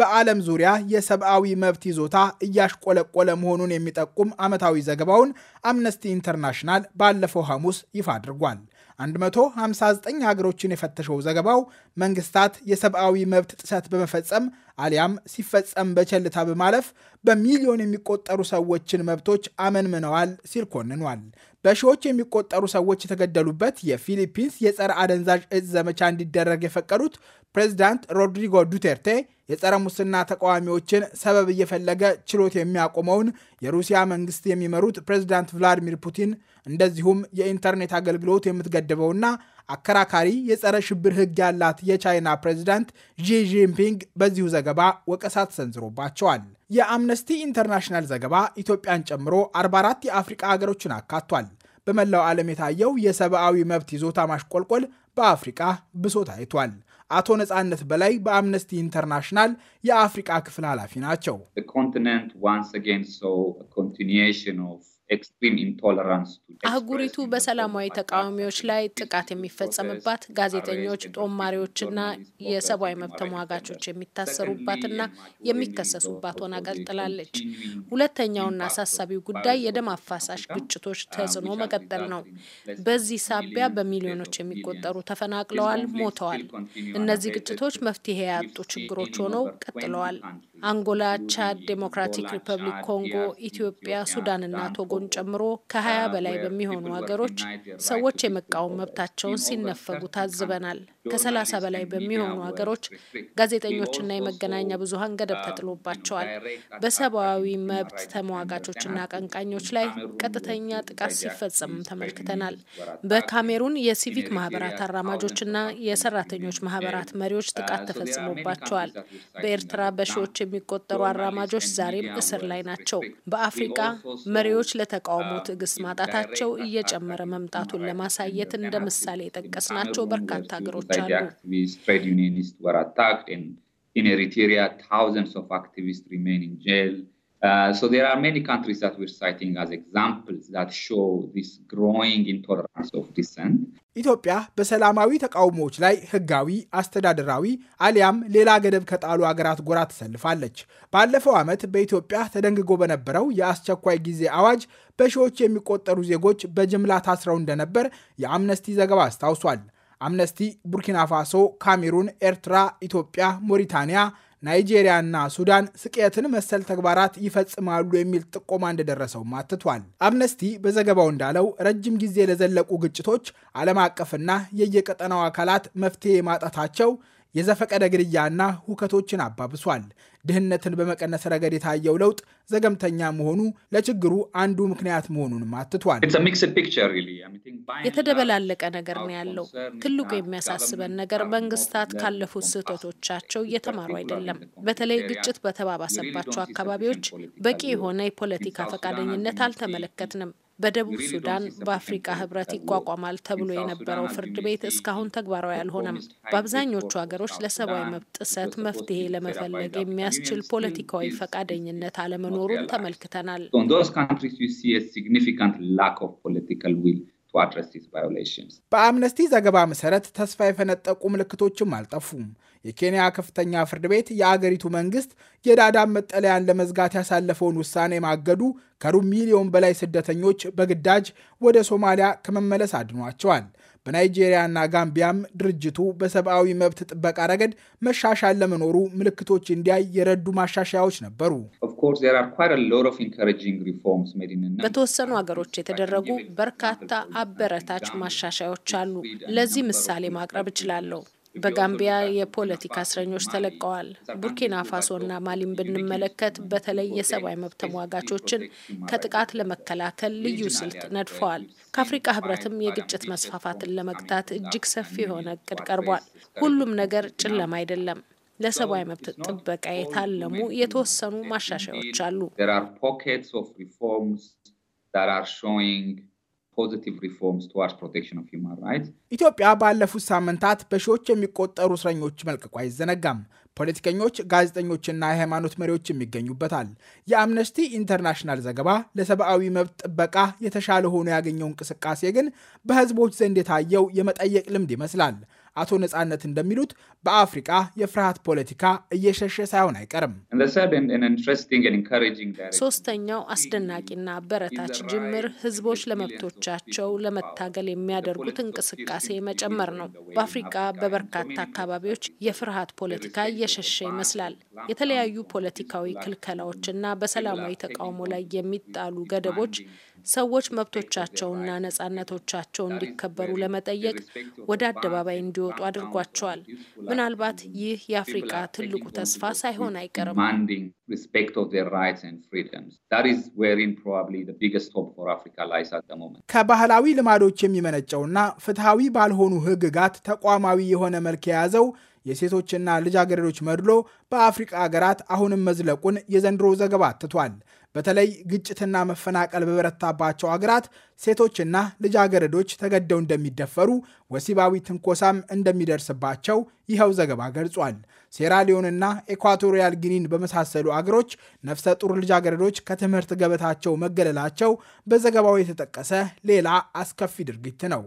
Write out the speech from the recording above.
በዓለም ዙሪያ የሰብአዊ መብት ይዞታ እያሽቆለቆለ መሆኑን የሚጠቁም ዓመታዊ ዘገባውን አምነስቲ ኢንተርናሽናል ባለፈው ሐሙስ ይፋ አድርጓል። 159 ሀገሮችን የፈተሸው ዘገባው መንግስታት የሰብአዊ መብት ጥሰት በመፈጸም አሊያም ሲፈጸም በቸልታ በማለፍ በሚሊዮን የሚቆጠሩ ሰዎችን መብቶች አመንምነዋል ሲል ኮንኗል። በሺዎች የሚቆጠሩ ሰዎች የተገደሉበት የፊሊፒንስ የጸረ አደንዛዥ እጽ ዘመቻ እንዲደረግ የፈቀዱት ፕሬዚዳንት ሮድሪጎ ዱቴርቴ የጸረ ሙስና ተቃዋሚዎችን ሰበብ እየፈለገ ችሎት የሚያቆመውን የሩሲያ መንግስት የሚመሩት ፕሬዚዳንት ቭላዲሚር ፑቲን እንደዚሁም የኢንተርኔት አገልግሎት የምትገድበውና አከራካሪ የጸረ ሽብር ህግ ያላት የቻይና ፕሬዚዳንት ዢ ጂንፒንግ በዚሁ ዘገባ ወቀሳት ሰንዝሮባቸዋል። የአምነስቲ ኢንተርናሽናል ዘገባ ኢትዮጵያን ጨምሮ 44 የአፍሪቃ ሀገሮችን አካቷል። በመላው ዓለም የታየው የሰብአዊ መብት ይዞታ ማሽቆልቆል በአፍሪቃ ብሶ ታይቷል። አቶ ነጻነት በላይ በአምነስቲ ኢንተርናሽናል የአፍሪቃ ክፍል ኃላፊ ናቸው። አህጉሪቱ በሰላማዊ ተቃዋሚዎች ላይ ጥቃት የሚፈጸምባት ጋዜጠኞች፣ ጦማሪዎችና የሰብአዊ መብት ተሟጋቾች የሚታሰሩባትና የሚከሰሱባት ሆና ቀጥላለች። ሁለተኛውና አሳሳቢው ጉዳይ የደም አፋሳሽ ግጭቶች um, ተጽዕኖ መቀጠል ነው። በዚህ ሳቢያ በሚሊዮኖች የሚቆጠሩ ተፈናቅለዋል፣ ሞተዋል። እነዚህ ግጭቶች መፍትሄ ያጡ ችግሮች ሆነው ቀጥለዋል። አንጎላ፣ ቻድ፣ ዴሞክራቲክ ሪፐብሊክ ኮንጎ፣ ኢትዮጵያ፣ ሱዳንና ቶጎን ጨምሮ ከሀያ በላይ በሚሆኑ ሀገሮች ሰዎች የመቃወም መብታቸውን ሲነፈጉ ታዝበናል። ከሰላሳ በላይ በሚሆኑ ሀገሮች ጋዜጠኞችና የመገናኛ ብዙሀን ገደብ ተጥሎባቸዋል። በሰብአዊ መብት ተሟጋቾችና አቀንቃኞች ላይ ቀጥተኛ ጥቃት ሲፈጸምም ተመልክተናል። በካሜሩን የሲቪክ ማህበራት አራማጆችና የሰራተኞች ማህበራት መሪዎች ጥቃት ተፈጽሞባቸዋል። በኤርትራ በሺዎች የሚቆጠሩ አራማጆች ዛሬም እስር ላይ ናቸው። በአፍሪቃ መሪዎች ለተቃውሞ ትዕግስት ማጣታቸው እየጨመረ መምጣቱን ለማሳየት እንደ ምሳሌ የጠቀስ ናቸው በርካታ ሀገሮች by the activists. trade unionists were attacked, and in Eritrea, thousands of activists remain in jail. Uh, so there are many countries that we're citing as examples that show this growing intolerance of dissent. ኢትዮጵያ በሰላማዊ ተቃውሞዎች ላይ ህጋዊ፣ አስተዳደራዊ አሊያም ሌላ ገደብ ከጣሉ አገራት ጎራ ተሰልፋለች። ባለፈው ዓመት በኢትዮጵያ ተደንግጎ በነበረው የአስቸኳይ ጊዜ አዋጅ በሺዎች የሚቆጠሩ ዜጎች በጅምላ ታስረው እንደነበር የአምነስቲ ዘገባ አስታውሷል። አምነስቲ ቡርኪና ፋሶ፣ ካሜሩን፣ ኤርትራ፣ ኢትዮጵያ፣ ሞሪታንያ ናይጄሪያና ሱዳን ስቅየትን መሰል ተግባራት ይፈጽማሉ የሚል ጥቆማ እንደደረሰውም አትቷል። አምነስቲ በዘገባው እንዳለው ረጅም ጊዜ ለዘለቁ ግጭቶች ዓለም አቀፍና የየቀጠናው አካላት መፍትሄ ማጣታቸው የዘፈቀደ ግድያና ሁከቶችን አባብሷል። ድህነትን በመቀነስ ረገድ የታየው ለውጥ ዘገምተኛ መሆኑ ለችግሩ አንዱ ምክንያት መሆኑንም አትቷል። የተደበላለቀ ነገር ነው ያለው። ትልቁ uh, የሚያሳስበን ነገር uh, መንግስታት ካለፉት ስህተቶቻቸው እየተማሩ አይደለም። በተለይ ግጭት በተባባሰባቸው አካባቢዎች በቂ የሆነ የፖለቲካ ፈቃደኝነት አልተመለከትንም። በደቡብ ሱዳን በአፍሪካ ህብረት ይቋቋማል ተብሎ የነበረው ፍርድ ቤት እስካሁን ተግባራዊ አልሆነም። በአብዛኞቹ ሀገሮች ለሰብአዊ መብት ጥሰት መፍትሄ ለመፈለግ የሚያስችል ፖለቲካዊ ፈቃደኝነት አለመኖሩን ተመልክተናል። በአምነስቲ ዘገባ መሰረት ተስፋ የፈነጠቁ ምልክቶችም አልጠፉም። የኬንያ ከፍተኛ ፍርድ ቤት የአገሪቱ መንግስት የዳዳብ መጠለያን ለመዝጋት ያሳለፈውን ውሳኔ ማገዱ ከሩብ ሚሊዮን በላይ ስደተኞች በግዳጅ ወደ ሶማሊያ ከመመለስ አድኗቸዋል። በናይጄሪያና ጋምቢያም ድርጅቱ በሰብአዊ መብት ጥበቃ ረገድ መሻሻል ለመኖሩ ምልክቶች እንዲያይ የረዱ ማሻሻያዎች ነበሩ። በተወሰኑ ሀገሮች የተደረጉ በርካታ አበረታች ማሻሻያዎች አሉ። ለዚህ ምሳሌ ማቅረብ እችላለሁ። በጋምቢያ የፖለቲካ እስረኞች ተለቀዋል። ቡርኪና ፋሶና ማሊን ብንመለከት በተለይ የሰብአዊ መብት ተሟጋቾችን ከጥቃት ለመከላከል ልዩ ስልት ነድፈዋል። ከአፍሪቃ ህብረትም የግጭት መስፋፋትን ለመግታት እጅግ ሰፊ የሆነ እቅድ ቀርቧል። ሁሉም ነገር ጨለማ አይደለም። ለሰብአዊ መብት ጥበቃ የታለሙ የተወሰኑ ማሻሻያዎች አሉ። ኢትዮጵያ ባለፉት ሳምንታት በሺዎች የሚቆጠሩ እስረኞች መልቀቁ አይዘነጋም። ፖለቲከኞች፣ ጋዜጠኞችና የሃይማኖት መሪዎች ይገኙበታል። የአምነስቲ ኢንተርናሽናል ዘገባ ለሰብአዊ መብት ጥበቃ የተሻለ ሆኖ ያገኘው እንቅስቃሴ ግን በህዝቦች ዘንድ የታየው የመጠየቅ ልምድ ይመስላል። አቶ ነጻነት እንደሚሉት በአፍሪቃ የፍርሃት ፖለቲካ እየሸሸ ሳይሆን አይቀርም። ሶስተኛው አስደናቂና አበረታች ጅምር ህዝቦች ለመብቶቻቸው ለመታገል የሚያደርጉት እንቅስቃሴ መጨመር ነው። በአፍሪቃ በበርካታ አካባቢዎች የፍርሃት ፖለቲካ እየሸሸ ይመስላል። የተለያዩ ፖለቲካዊ ክልከላዎችና በሰላማዊ ተቃውሞ ላይ የሚጣሉ ገደቦች ሰዎች መብቶቻቸውና ነጻነቶቻቸው እንዲከበሩ ለመጠየቅ ወደ አደባባይ እንዲወጡ አድርጓቸዋል። ምናልባት ይህ የአፍሪቃ ትልቁ ተስፋ ሳይሆን አይቀርም። respect of their rights and freedoms. That is wherein probably the biggest hope for Africa lies at the moment. ከባህላዊ ልማዶች የሚመነጨውና ፍትሐዊ ባልሆኑ ህግጋት ተቋማዊ የሆነ መልክ የያዘው የሴቶችና ልጃገረዶች መድሎ በአፍሪቃ ሀገራት አሁንም መዝለቁን የዘንድሮ ዘገባ አትቷል። በተለይ ግጭትና መፈናቀል በበረታባቸው ሀገራት ሴቶችና ልጃገረዶች ተገደው እንደሚደፈሩ፣ ወሲባዊ ትንኮሳም እንደሚደርስባቸው ይኸው ዘገባ ገልጿል። ሴራሊዮንና ኤኳቶሪያል ጊኒን በመሳሰሉ አገሮች ነፍሰ ጡር ልጃገረዶች ከትምህርት ገበታቸው መገለላቸው በዘገባው የተጠቀሰ ሌላ አስከፊ ድርጊት ነው።